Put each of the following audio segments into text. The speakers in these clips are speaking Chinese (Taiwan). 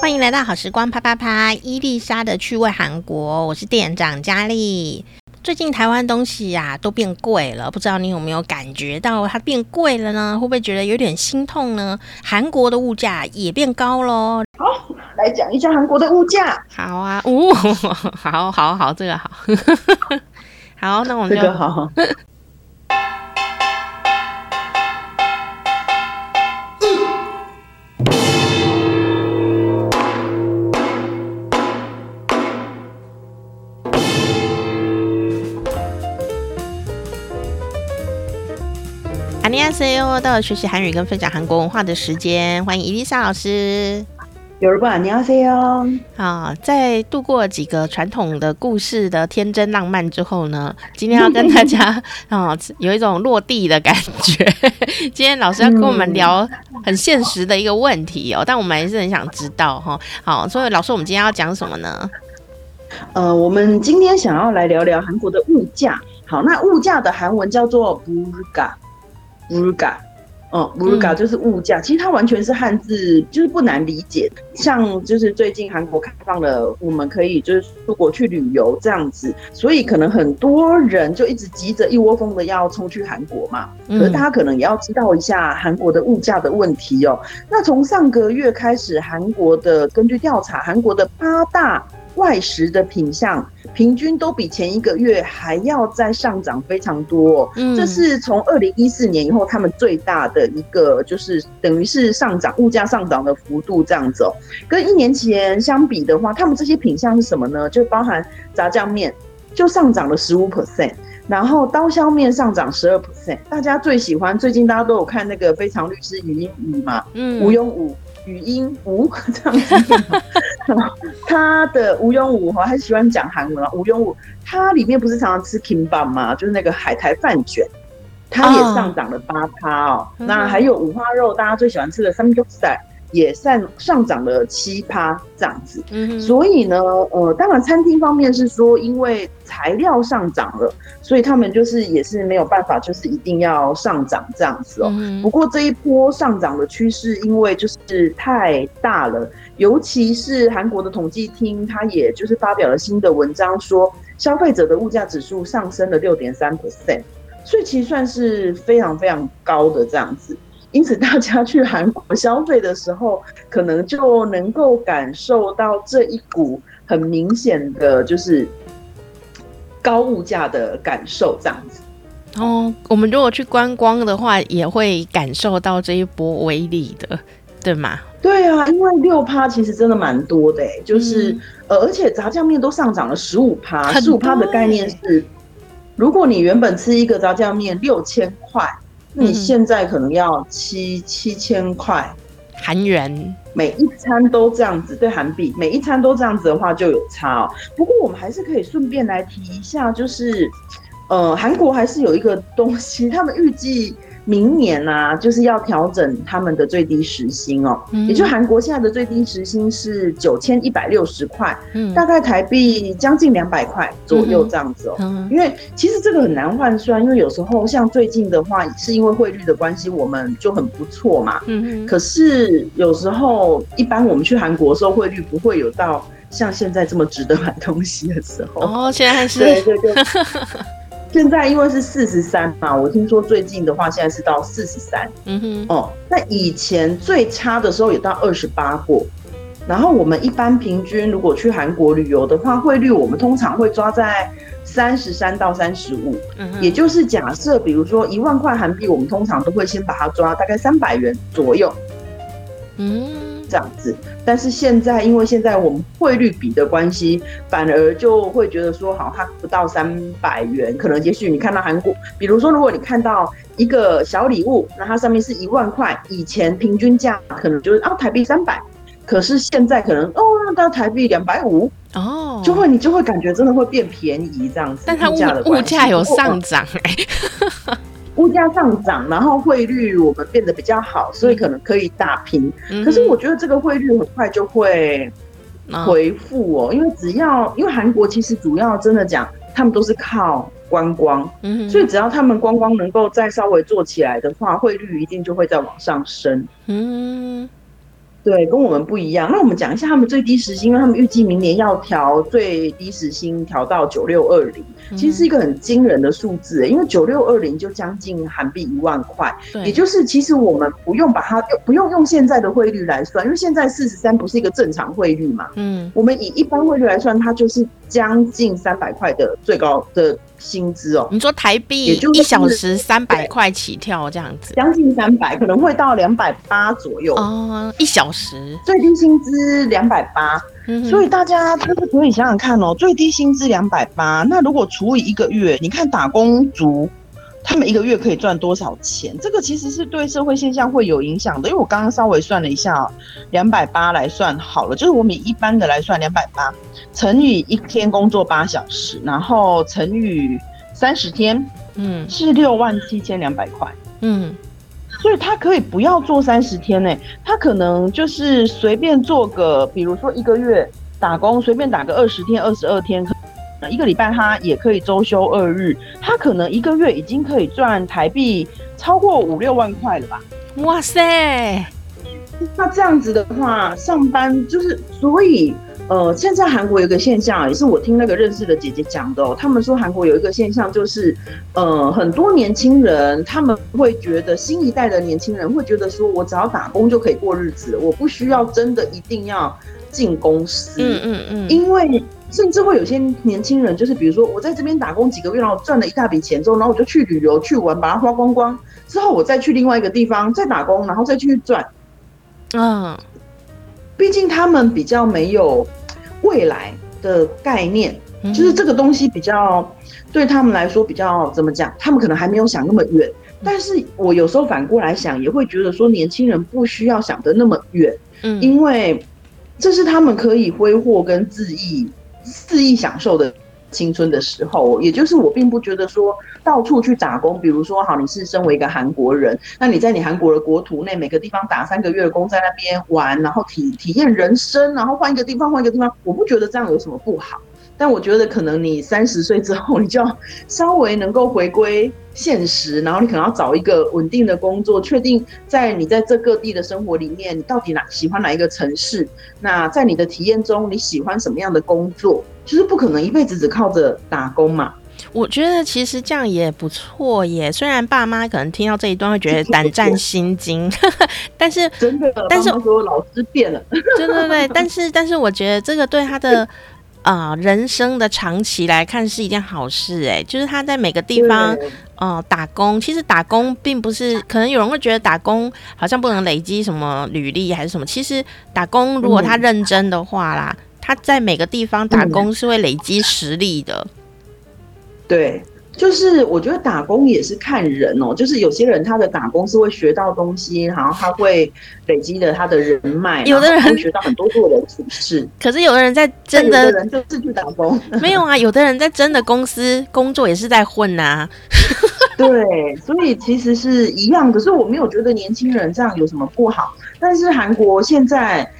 歡迎來到好時光，啪啪啪！伊麗莎的趣味韓國，我是店長佳麗。最近台灣東西呀、啊、都變貴了，不知道你有沒有感覺到它變貴了呢？會不會覺得有點心痛呢？韓國的物價也變高嘍。好，來講一下韓國的物價。好啊，哦，好，好，好，這個好， 好，那我們就。好。 你好，大家好，歡迎來到了學習韓語跟分享韓國文化的時間。歡迎伊麗莎老師。여러분안녕하세요。啊，在度過了幾個傳統的故事的天真浪漫之後呢，今天要跟大家 啊，有一種落地的感覺。 今天老師要跟我們聊很現實的一個問題哦，但我們還是很想知道哈、啊。好，所以老師，我們今天要講什麼呢？呃，我們今天想要來聊聊韓國的物價。好，那物價的韓文叫做물가。물가，嗯，물가就是物價，嗯嗯、其實它完全是漢字，就是不難理解。像就是最近韓國開放了，我們可以就是出國去旅遊這樣子，所以可能很多人就一直急着一窩蜂的要衝去韓國嘛。可是大家可能也要知道一下韓國的物價的問題哦、喔。那從上個月開始，韓國的根據調查，韓國的八大。外食的品項，平均都比前一個月還要再上漲非常多，哦，嗯、這是從二零一四年以後他們最大的一個就是等於是上漲物價上漲的幅度這樣子哦。跟一年前相比的話，他們這些品項是什麼呢？就包含炸醬麵就上漲了十五 percent，然後刀削麵上漲十二 percent。大家最喜歡，最近大家都有看那個非常律師禹英禑嘛，嗯，吳五五禹英禑這樣子。 他的吳庸武哈，他喜歡講韓文啊。吳庸武他裡面不是常常吃 kimbap 嗎？就是那個海苔飯卷，它也上漲了八趴哦。啊、那還有五花肉，嗯、哼大家最喜歡吃的 samgyeopsal 也算上漲了七趴這樣子，嗯哼，所以呢，呃，當然餐廳方面是說，因為材料上漲了，所以他們就是也是沒有辦法，就是一定要上漲這樣子哦。嗯、哼不過這一波上漲的趨勢，因為就是太大了，尤其是韓國的統計廳，它也就是發表了新的文章，說消費者的物價指數上升了六點三 percent，所以其實算是非常非常高的這樣子。因此，大家去韓國消費的時候，可能就能夠感受到這一股很明顯的，就是高物價的感受，這樣子。哦，我們如果去觀光的話，也會感受到這一波威力的，對嗎？對啊，因為六趴其實真的蠻多的，欸，就是，嗯呃，而且炸醬麵都上漲了十五趴，十五趴的概念是，如果你原本吃一個炸醬麵六千塊。你現在可能要七七千塊韓元，每一餐都這樣子，對韓幣每一餐都這樣子的話就有差哦。不過我們還是可以順便來提一下，就是，呃，韓國還是有一個東西，他們預計。明年啊，就是要調整他們的最低時薪哦，嗯、哼也就韓國現在的最低時薪是九千一百六十塊，嗯、哼大概台幣將近兩百塊左右這樣子哦。嗯嗯、因為其實這個很難換算，因為有時候像最近的話，是因為匯率的關係，我們就很不錯嘛。嗯哼，可是有時候一般我們去韓國的時候，匯率不會有到像現在這麼值得買東西的時候哦。現在還是對對對。 現在因為是四十三嘛，我聽說最近的話，現在是到四十三。嗯哼，哦，那以前最差的時候也到二十八過。然後我們一般平均，如果去韓國旅遊的話，匯率我們通常會抓在三十三到三十五。嗯哼，也就是假設，比如說一萬塊韓幣，我們通常都會先把它抓大概三百元左右。嗯。這樣子，但是現在因為現在我們匯率比的關係，反而就會覺得說，好，它不到三百元，可能也許你看到韓國，比如說如果你看到一個小禮物，那它上面是一萬塊，以前平均價可能就是啊台幣三百，可是現在可能哦那到台幣兩百五哦，就會你就會感覺真的會變便宜這樣子，但它物價的物價有上漲，欸。 物價上漲，然後匯率我們變得比較好，所以可能可以打平。嗯、可是我覺得這個匯率很快就會回復哦、喔，嗯、因為只要因為韓國其實主要真的講，他們都是靠觀光，嗯、哼所以只要他們觀光能夠再稍微做起來的話，匯率一定就會再往上升。嗯。對，跟我們不一樣。那我們講一下他們最低時薪，因為他們預計明年要調最低時薪、嗯，調到九六二零，其實是一個很驚人的數字、欸。因為九六二零就將近韓幣一萬塊，對也就是其實我們不用把它用不用用現在的匯率來算，因為現在四十三不是一個正常匯率嘛？嗯，我們以一般匯率來算，它就是。將近三百塊的最高的薪資哦、喔，你說台幣一小時三百塊起跳這樣子，將、就是、近三百，可能會到兩百八左右啊、呃，一小時最低薪資兩百八，所以大家就是可以想想看哦、喔，最低薪資兩百八，那如果除以一個月，你看打工族。他們一個月可以賺多少錢？這個其實是對社會現象會有影響的，因為我剛剛稍微算了一下，兩百八來算好了，就是我們一般的來算，兩百八乘以一天工作八小時，然後乘以三十天 67,，嗯，是六萬七千兩百塊，嗯，所以他可以不要做三十天呢、欸，他可能就是隨便做個，比如說一個月打工，隨便打個二十天、二十二天。一個禮拜他也可以周休二日，他可能一個月已經可以賺台幣超過五六萬塊了吧？哇塞！那這樣子的話，上班就是，所以呃，現在韓國有一個現象，也是我聽那個認識的姐姐講的哦，他們說韓國有一個現象就是，呃，很多年輕人他們會覺得，新一代的年輕人會覺得說，說我只要打工就可以過日子，我不需要真的一定要進公司。嗯嗯嗯，嗯嗯因為。甚至會有些年輕人，就是比如說我在這邊打工幾個月，然後賺了一大筆錢之後，然後我就去旅遊去玩，把它花光光之後，我再去另外一個地方再打工，然後再去賺。嗯，畢竟他們比較沒有未來的概念，嗯、就是這個東西比較對他們來說比較怎麼講，他們可能還沒有想那麼遠。嗯、但是我有時候反過來想，嗯、也會覺得說年輕人不需要想得那麼遠，嗯，因為這是他們可以揮霍跟恣意。肆意享受的青春的時候，也就是我並不覺得說到處去打工。比如說，好，你是身為一個韓國人，那你在你韓國的國土內每個地方打三個月的工，在那邊玩，然後體體驗人生，然後換一個地方，換一個地方，我不覺得這樣有什麼不好。但我覺得可能你三十歲之後，你就要稍微能夠回歸現實，然後你可能要找一個穩定的工作，確定在你在這各地的生活裡面，你到底哪喜歡哪一個城市？那在你的體驗中，你喜歡什麼樣的工作？就是不可能一輩子只靠着打工嘛。我覺得其實這樣也不錯耶。雖然爸媽可能聽到這一段會覺得膽戰心驚，不不 但是真的，但是媽媽說老師變了，對對對， 但是但是我覺得這個對他的對。啊、呃，人生的長期來看，是一件好事哎、欸，就是他在每個地方啊對、呃、打工，其實打工並不是，可能有人會覺得打工好像不能累積什麼履歷還是什麼，其實打工如果他認真的話啦，嗯、他在每個地方打工是會累積實力的，對。就是我覺得打工也是看人哦，就是有些人他的打工是會學到東西，然後他會累積的他的人脈，有的人學到很多做人處事。是可是有的人在真的，有的人就是去打工，沒有啊，有的人在真的公司工作也是在混吶、啊。 對，所以其實是一樣，可是我沒有覺得年輕人這樣有什麼不好。但是韓國現在。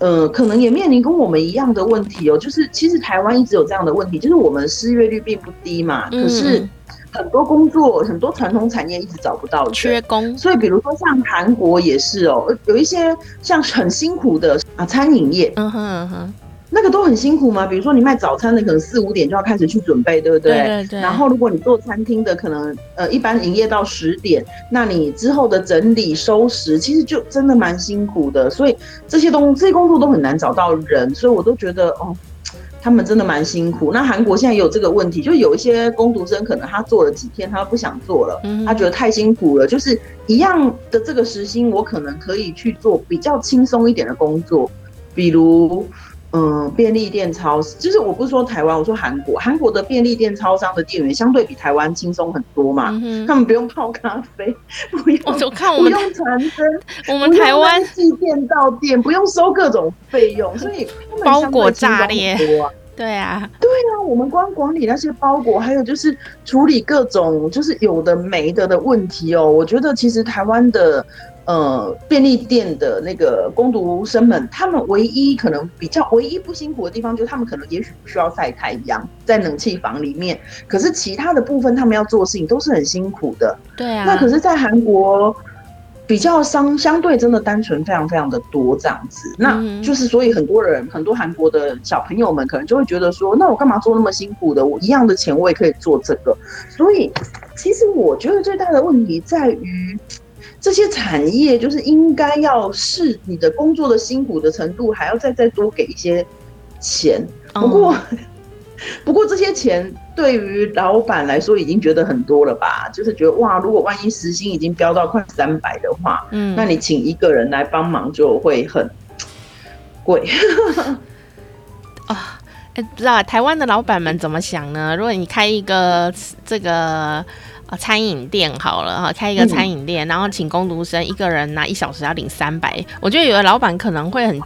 嗯、呃，可能也面臨跟我們一樣的問題哦，就是其實台灣一直有這樣的問題，就是我們失業率並不低嘛，嗯、可是很多工作、很多傳統產業一直找不到缺工，所以比如說像韓國也是哦，有一些像很辛苦的啊餐飲業，嗯哼嗯哼。那個都很辛苦嗎？比如說你賣早餐的，可能四五點就要開始去準備，對不對？對，對對。然後如果你做餐廳的，可能呃一般營業到十點，那你之後的整理收拾其實就真的蠻辛苦的。所以這些東西這些工作都很難找到人。所以我都覺得哦，他們真的蠻辛苦。那韓國現在也有這個問題，就有一些工讀生可能他做了幾天，他不想做了，他覺得太辛苦了，嗯、就是一樣的這個時薪，我可能可以去做比較輕鬆一點的工作，比如。嗯，便利店、超市，就是我不是說台灣，我說韓國，韓國的便利店、超商的店員相對比台灣輕鬆很多嘛，嗯、哼他們不用泡咖啡， 不用不用傳真， 我們台灣寄店到店，不用收各種費用，所以他們相對輕鬆很多啊，包裹炸裂，對啊，對啊，我們光管理那些包裹，還有就是處理各種就是有的沒的的問題哦，我覺得其實台灣的。呃，便利店的那個工讀生們，他們唯一可能比較唯一不辛苦的地方，就是他們可能也許不需要曬太陽，在冷氣房裡面。可是其他的部分，他們要做的事情都是很辛苦的。對啊。那可是，在韓國比較相，相對真的單純非常非常的多這樣子。那就是所以很多人、嗯、哼很多韓國的小朋友們可能就會覺得說，那我幹嘛做那麼辛苦的？我一樣的錢我也可以做這個。所以其實我覺得最大的問題在於。這些產業就是應該要是你的工作的辛苦的程度，還要再再多給一些錢。不過，嗯、不過這些錢對於老闆來說已經覺得很多了吧？就是覺得哇，如果萬一時薪已經飆到快三百的話，嗯，那你請一個人來幫忙就會很貴。啊、 哦欸，不知道台灣的老闆們怎麼想呢？如果你開一個這個。啊，餐飲店好了哈，開一個餐飲店，然後請工讀生一個人拿一小時要領三百，嗯、我覺得有的老闆可能會很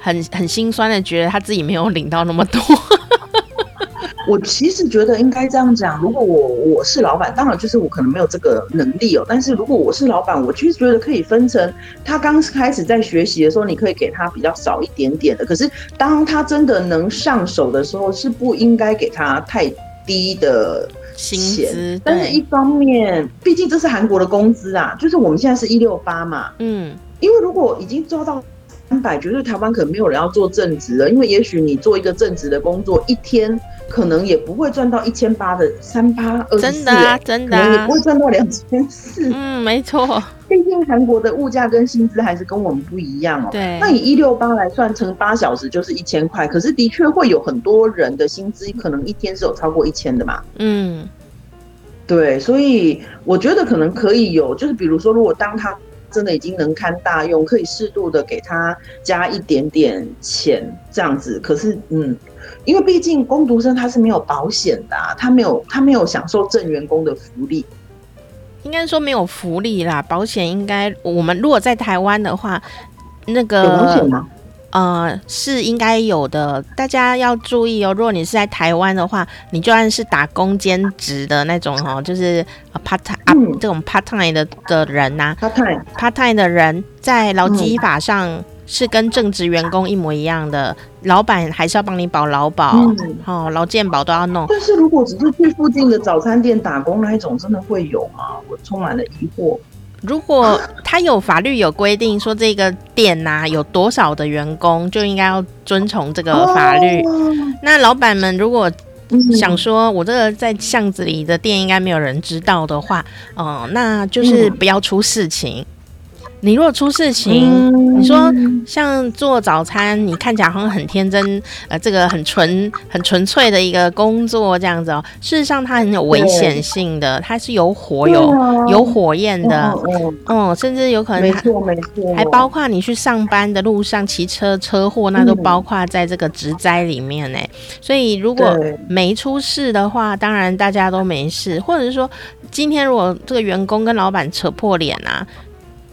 很很心酸的，覺得他自己沒有領到那麼多。 我其實覺得應該這樣講，如果我我是老闆，當然就是我可能沒有這個能力哦、喔，但是如果我是老闆，我其實覺得可以分成他剛開始在學習的時候，你可以給他比較少一點點的，可是當他真的能上手的時候，是不應該給他太低的。薪資，錢，但是一方面，畢對竟這是韓國的工資啊，就是我們現在是一六八嘛，嗯，因為如果已經抓到三百，絕對台灣可能沒有人要做正職了，因為也許你做一個正職的工作，一天可能也不會賺到一千八的三八二四，真的、啊，真的不會賺到兩千四，嗯，沒錯。畢竟韓國的物價跟薪資還是跟我們不一樣哦。對。那以一六八來算，乘八小時就是一千塊。可是的確會有很多人的薪資可能一天是有超過一千的嘛。嗯。對，所以我覺得可能可以有，就是比如說，如果當他真的已經能堪大用，可以適度的給他加一點點錢這樣子。可是，嗯，因為畢竟工讀生他是沒有保險的啊，他沒有他沒有享受正員工的福利。應該說沒有福利啦，保險應該，我們如果在台灣的話，那個有保險嗎？呃，是應該有的，大家要注意哦。如果你是在台灣的話，你就算是打工兼職的那種哦，就是 part time、嗯啊、這種 part time 的的人吶、啊、part, time，part time 的人在勞基法上，嗯是跟正職員工一模一樣的，老闆還是要幫你保勞保，嗯、哦，勞健保都要弄。但是如果只是去附近的早餐店打工那一種，真的會有嗎？我充滿了疑惑。如果他有法律有規定說這個店吶、啊、有多少的員工就應該要遵從這個法律，哦、那老闆們如果想說我這個在巷子裡的店應該沒有人知道的話，嗯、呃，那就是不要出事情。你若出事情，嗯、你說像做早餐，你看起來好像很天真，呃，這個很純、很純粹的一個工作這樣子哦、喔。事實上，它很有危險性的，它是有火有了有火焰的，哦，哦，哦、嗯，甚至有可能還，還包括你去上班的路上騎車車禍，那都包括在這個職災裡面呢、欸。嗯、所以，如果沒出事的話，對當然大家都沒事。或者是說，今天如果這個員工跟老板扯破臉啊。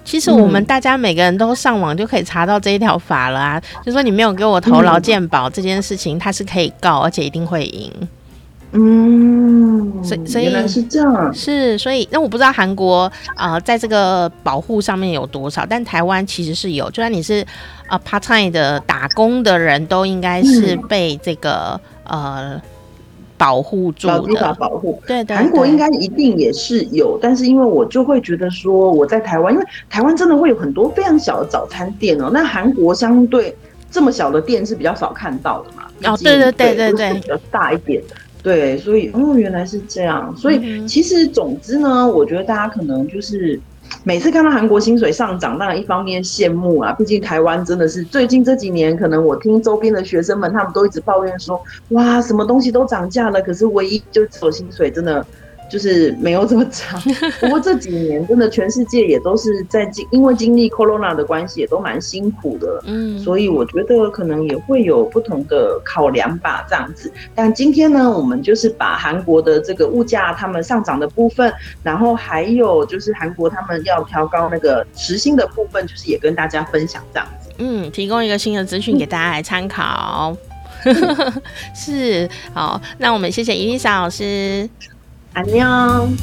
其實我們大家每個人都上網就可以查到這一條法了啊，嗯、就是說你沒有給我投勞健保、嗯、這件事情，他是可以告，而且一定會贏。嗯所以，所以原來是這樣、啊，是所以那我不知道韓國啊、呃，在這個保護上面有多少，但台灣其實是有，就算你是啊 part time 的打工的人都應該是被這個呃。保護住了，立法保護。對對對，韓國應該一定也是有，但是因為我就會覺得說我在台灣，因為台灣真的會有很多非常小的早餐店哦、喔，那韓國相對這麼小的店是比較少看到的嘛。哦，對對對對對，對就是、比較大一點。對，所以哦、嗯，原來是這樣。所以、嗯、哼其實總之呢，我覺得大家可能就是。每次看到韓國薪水上漲，當然一方面羨慕啊，畢竟台灣真的是最近這幾年，可能我聽周邊的學生們，他們都一直抱怨說，哇，什麼東西都漲價了，可是唯一就只有薪水真的。就是沒有這麼漲，不過這幾年真的全世界也都是在經， 因為經歷 Corona 的關係，也都蠻辛苦的。嗯，所以我覺得可能也會有不同的考量吧這樣子。但今天呢，我們就是把韓國的這個物價他們上漲的部分，然後還有就是韓國他們要調高那個時薪的部分，就是也跟大家分享這樣子。嗯，提供一個新的資訊給大家來參考。嗯、 是，好，那我們謝謝伊麗莎老師。안녕。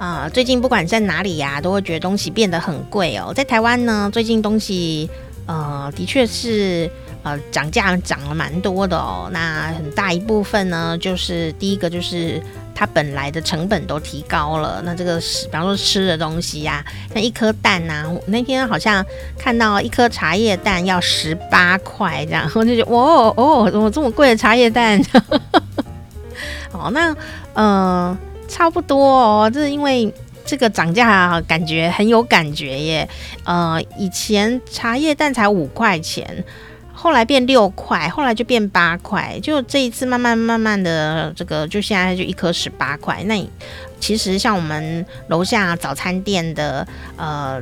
啊，最近不管在哪裡呀、啊，都會覺得東西變得很貴哦。在台灣呢，最近東西呃的確是呃漲價漲了蠻多的哦。那很大一部分呢，就是第一個就是。它本來的成本都提高了，那這個是比方說吃的東西呀、啊，像一顆蛋啊，那天好像看到一顆茶葉蛋要十八塊，這樣我就覺得哇哦，哦，怎麼這麼貴的茶葉蛋？哦， 那嗯、呃，差不多哦，就是因為這個漲價感覺很有感覺耶。呃，以前茶葉蛋才五塊錢。後來變六塊，後來就變八塊，就這一次慢慢慢慢的這個，就現在就一顆十八塊。那其實像我們樓下早餐店的呃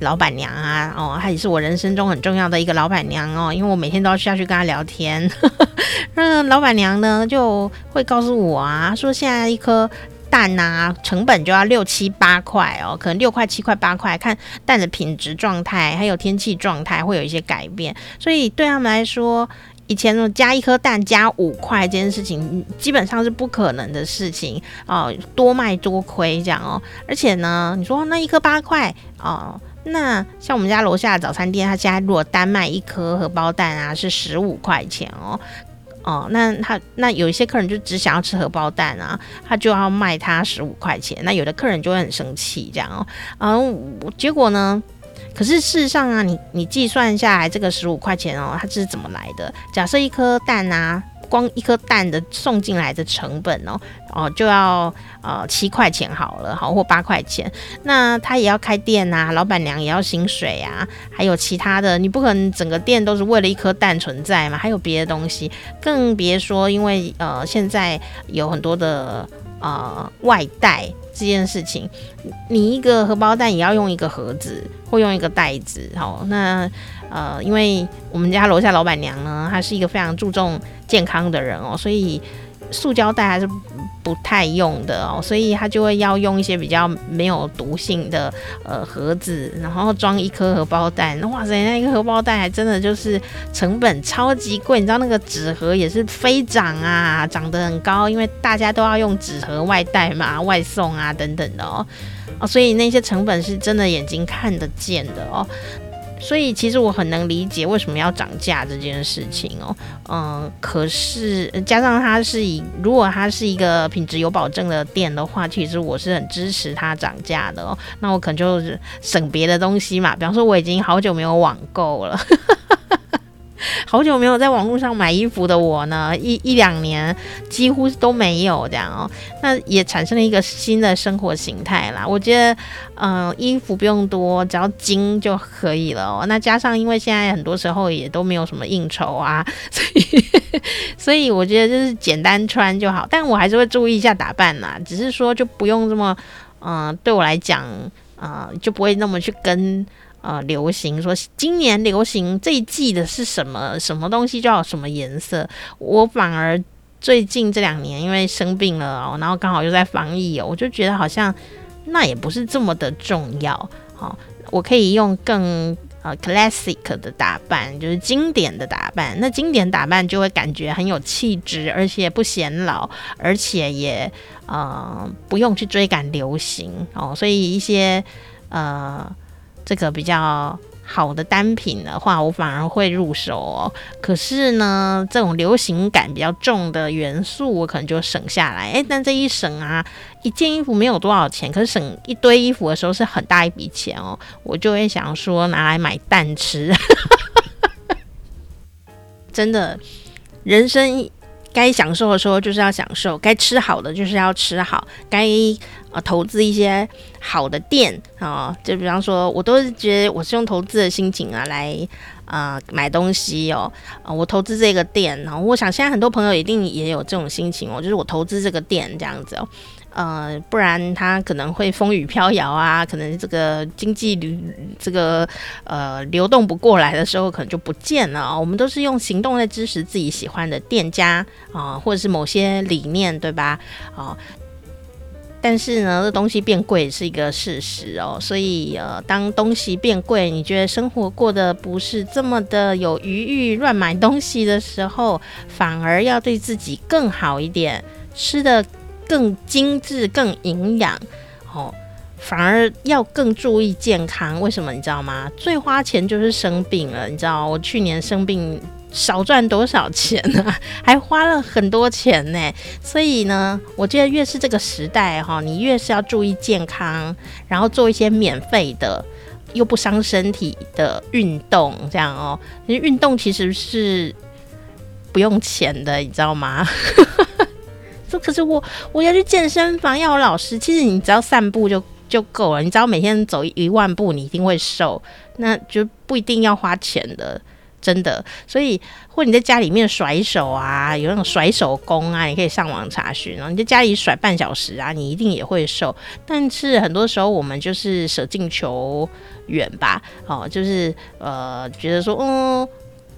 老闆娘啊，哦，她也是我人生中很重要的一個老闆娘哦，因為我每天都要下去跟她聊天。呵呵，那個老闆娘呢就會告訴我啊，說現在一顆。蛋吶、啊，成本就要六七八塊哦，可能六塊七塊八塊，看蛋的品質狀態，還有天氣狀態會有一些改變。所以對他們來說，以前那種加一顆蛋加五塊這件事情，基本上是不可能的事情哦。多賣多虧這樣哦，而且呢，你說那一顆八塊哦，那像我們家樓下的早餐店，他現在，如果單賣一顆荷包蛋啊，是十五塊錢哦。哦，那他那有一些客人就只想要吃荷包蛋啊，他就要賣他十五塊錢。那有的客人就會很生氣，這樣哦。嗯，結果呢？可是事實上啊，你你計算下來這個十五塊錢哦，它是怎麼來的？假設一顆蛋啊。光一顆蛋的送進來的成本哦、喔、哦、呃、就要呃七塊錢好了好或八塊錢，那他也要開店啊，老闆娘也要薪水啊，還有其他的，你不可能整個店都是為了一顆蛋存在嘛，還有別的東西，更別說因為呃現在有很多的呃外帶這件事情，你一個荷包蛋也要用一個盒子或用一個袋子，好，那呃因為我們家樓下老闆娘呢，她是一個非常注重。健康的人哦，所以塑膠袋還是不太用的哦，所以他就會要用一些比較沒有毒性的呃盒子，然後裝一顆荷包蛋。哇塞，那一個荷包蛋還真的就是成本超級貴，你知道那個紙盒也是飛漲啊，漲得很高，因為大家都要用紙盒外帶嘛、外送啊等等的哦。哦，所以那些成本是真的眼睛看得見的哦。所以其實我很能理解為什麼要漲價這件事情哦，嗯，可是加上它是以如果它是一個品質有保證的店的話，其實我是很支持它漲價的哦。那我可能就是省別的東西嘛，比方說我已經好久沒有網購了。 好久沒有在網絡上買衣服的我呢，一一兩年幾乎都沒有這樣哦。那也產生了一個新的生活形態啦。我覺得，嗯、呃，衣服不用多，只要精就可以了哦。那加上，因為現在很多時候也都沒有什麼應酬啊，所以 所以我覺得就是簡單穿就好。但我還是會注意一下打扮啦，只是說就不用這麼，嗯、呃，對我來講，啊、呃，就不會那麼去跟。呃，流行說，今年流行這一季的是什麼什麼東西，就要什麼顏色。我反而最近這兩年因為生病了哦，然後剛好又在防疫哦，我就覺得好像那也不是這麼的重要。好，哦，我可以用更呃 classic 的打扮，就是經典的打扮。那經典打扮就會感覺很有氣質，而且不顯老，而且也呃不用去追趕流行哦。所以一些呃。這個比較好的單品的話，我反而會入手哦。可是呢，這種流行感比較重的元素，我可能就省下來。誒，但這一省啊，一件衣服沒有多少錢，可是省一堆衣服的時候是很大一筆錢哦。我就會想說拿來買蛋吃， 真的，人生。該享受的時候就是要享受，該吃好的就是要吃好，該、呃、投資一些好的店啊、呃，就比方說，我都是覺得我是用投資的心情啊來啊、呃、買東西哦，啊、呃、我投資這個店，然後我想現在很多朋友一定也有這種心情哦，就是我投資這個店這樣子哦。呃，不然它可能會風雨飄搖啊，可能這個經濟流這個呃流動不過來的時候，可能就不見了哦。我們都是用行動來支持自己喜歡的店家啊，呃，或者是某些理念，對吧？啊，呃，但是呢，這東西變貴是一個事實哦，所以呃，當東西變貴，你覺得生活過得不是這麼的有餘裕，亂買東西的時候，反而要對自己更好一點，吃的。更精緻、更營養，哦，反而要更注意健康。為什麼？你知道嗎？最花錢就是生病了。你知道我去年生病少賺多少錢呢？還花了很多錢呢。所以呢，我覺得越是這個時代，哈，你越是要注意健康，然後做一些免費的又不傷身體的運動，這樣哦。其實運動其實是不用錢的，你知道嗎？ 可是我我要去健身房要有老師，其實你只要散步就就夠了。你只要每天走一萬步，你一定會瘦，那就不一定要花錢的，真的。所以，或者你在家裡面甩手啊，有那種甩手工啊，你可以上網查詢啊。然後你在家裡甩半小時啊，你一定也會瘦。但是很多時候我們就是捨近求遠吧，哦，就是呃，覺得說，嗯，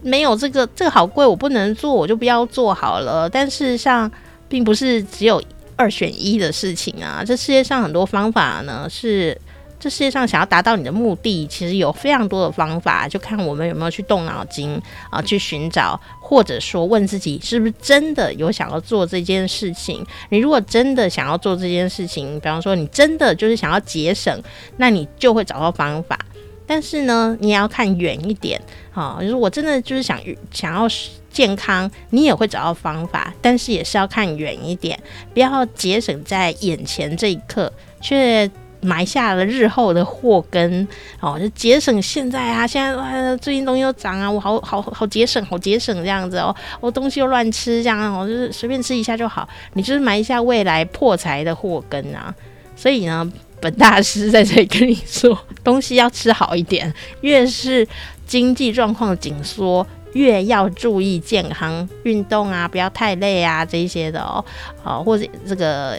沒有這個這個好貴，我不能做，我就不要做好了。但是像並不是只有二選一的事情啊！這世界上很多方法呢，是這世界上想要達到你的目的，其實有非常多的方法，就看我們有沒有去動腦筋啊，去尋找，或者說問自己是不是真的有想要做這件事情。你如果真的想要做這件事情，比方說你真的就是想要節省，那你就會找到方法。但是呢，你也要看遠一點啊，就是我真的就是想想要。健康，你也會找到方法，但是也是要看遠一點，不要節省在眼前這一刻，卻埋下了日後的禍根哦。就節省現在啊，現在最近東西又漲啊，我好好好節省，好節省這樣子哦。我東西又亂吃這樣，我、哦、就是隨便吃一下就好。你就是埋下未來破財的禍根啊。所以呢，本大師在這裡跟你說，東西要吃好一點，越是經濟狀況緊縮。越要注意健康運動啊，不要太累啊，這些的哦，哦或者這個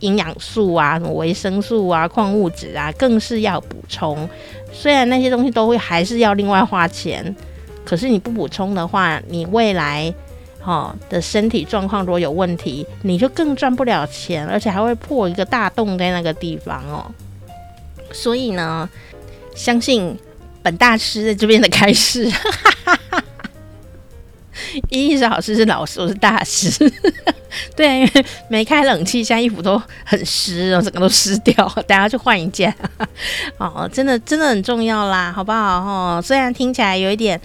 營養素啊，維生素啊、礦物質啊，更是要補充。雖然那些東西都會還是要另外花錢，可是你不補充的話，你未來哦的身體狀況如果有問題，你就更賺不了錢，而且還會破一個大洞在那個地方哦。所以呢，相信本大師在這邊的開示。 一定是老師是老師，我是大師。 對，因為沒開冷氣，現在衣服都很濕哦，整個都濕掉，等下去換一件 哦。真的真的很重要啦，好不好？哦，雖然聽起來有一點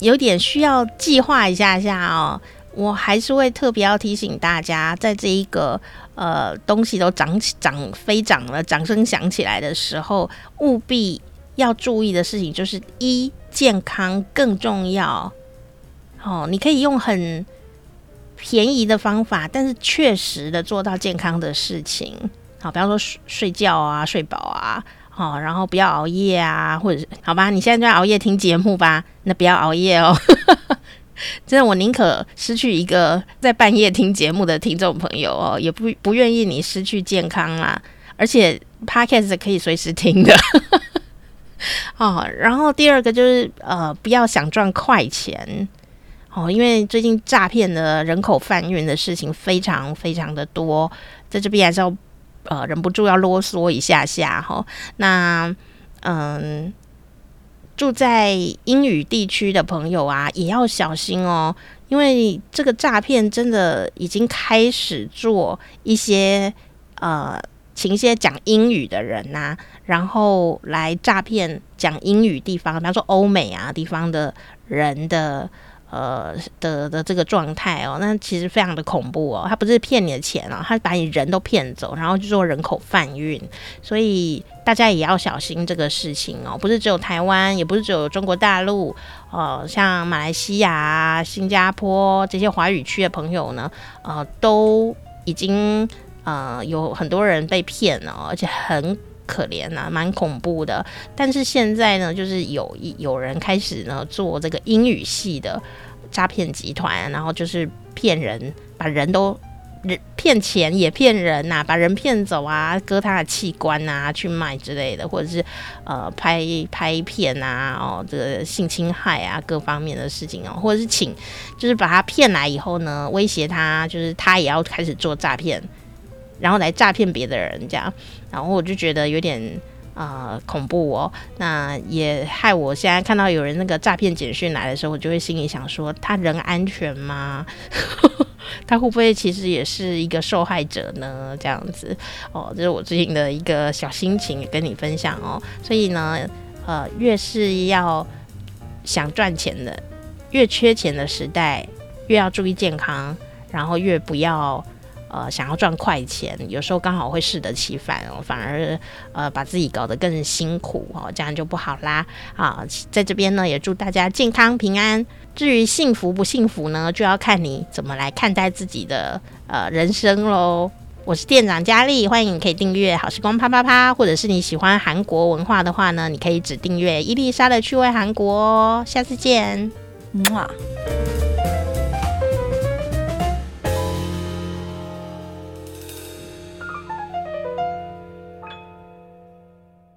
有點需要計劃一下下哦，我還是會特別要提醒大家，在這一個呃東西都漲起漲飛漲了，掌聲響起來的時候，務必要注意的事情就是一健康更重要。哦，你可以用很便宜的方法，但是確實的做到健康的事情。好，比方說睡覺啊，睡飽啊，好、哦，然後不要熬夜啊，或者是好吧，你現在就要熬夜聽節目吧，那不要熬夜哦。 真的，我寧可失去一個在半夜聽節目的聽眾朋友哦，也不不願意你失去健康啊。而且，podcast 可以隨時聽的。 哦，然後第二個就是呃，不要想賺快錢。哦，因為最近詐騙的人口販運的事情非常非常的多，在這邊還是要呃忍不住要囉嗦一下下哈、哦。那嗯，住在英語地區的朋友啊，也要小心哦，因為這個詐騙真的已經開始做一些呃，請一些講英語的人吶、啊，然後來詐騙講英語地方，比方說歐美啊地方的人的。呃的的，的這個狀態哦，那其實非常的恐怖哦。他不是騙你的錢哦，他是把你人都騙走，然後去做人口販運。所以大家也要小心這個事情哦。不是只有台灣，也不是只有中國大陸，呃，像馬來西亞、新加坡這些華語區的朋友呢，呃，都已經呃有很多人被騙了哦，而且很。可憐啊，蠻恐怖的。但是現在呢，就是有有人開始呢做這個英語系的詐騙集團，然後就是騙人，把人都人騙錢也騙人呐、啊，把人騙走啊，割他的器官啊去賣之類的，或者是呃拍拍片啊，哦、喔、這個性侵害啊各方面的事情哦、喔，或者是請就是把他騙來以後呢，威脅他，就是他也要開始做詐騙，然後來詐騙別的人這樣。然後我就覺得有點呃恐怖哦，那也害我現在看到有人那個詐騙簡訊來的時候，我就會心裡想說：他人安全嗎？ 他會不會其實也是一個受害者呢？這樣子哦，這是我最近的一個小心情跟你分享哦。所以呢，呃，越是要想賺錢的，越缺錢的時代，越要注意健康，然後越不要。呃，想要賺快錢，有時候剛好會適得其反哦，反而呃把自己搞得更辛苦哦，這樣就不好啦啊！在這邊呢，也祝大家健康平安。至於幸福不幸福呢，就要看你怎麼來看待自己的呃人生嘍。我是店長佳麗，歡迎你可以訂閱好時光啪啪啪，或者是你喜歡韓國文化的話呢，你可以只訂閱伊麗莎的趣味韓國哦。下次見，嗯。啊。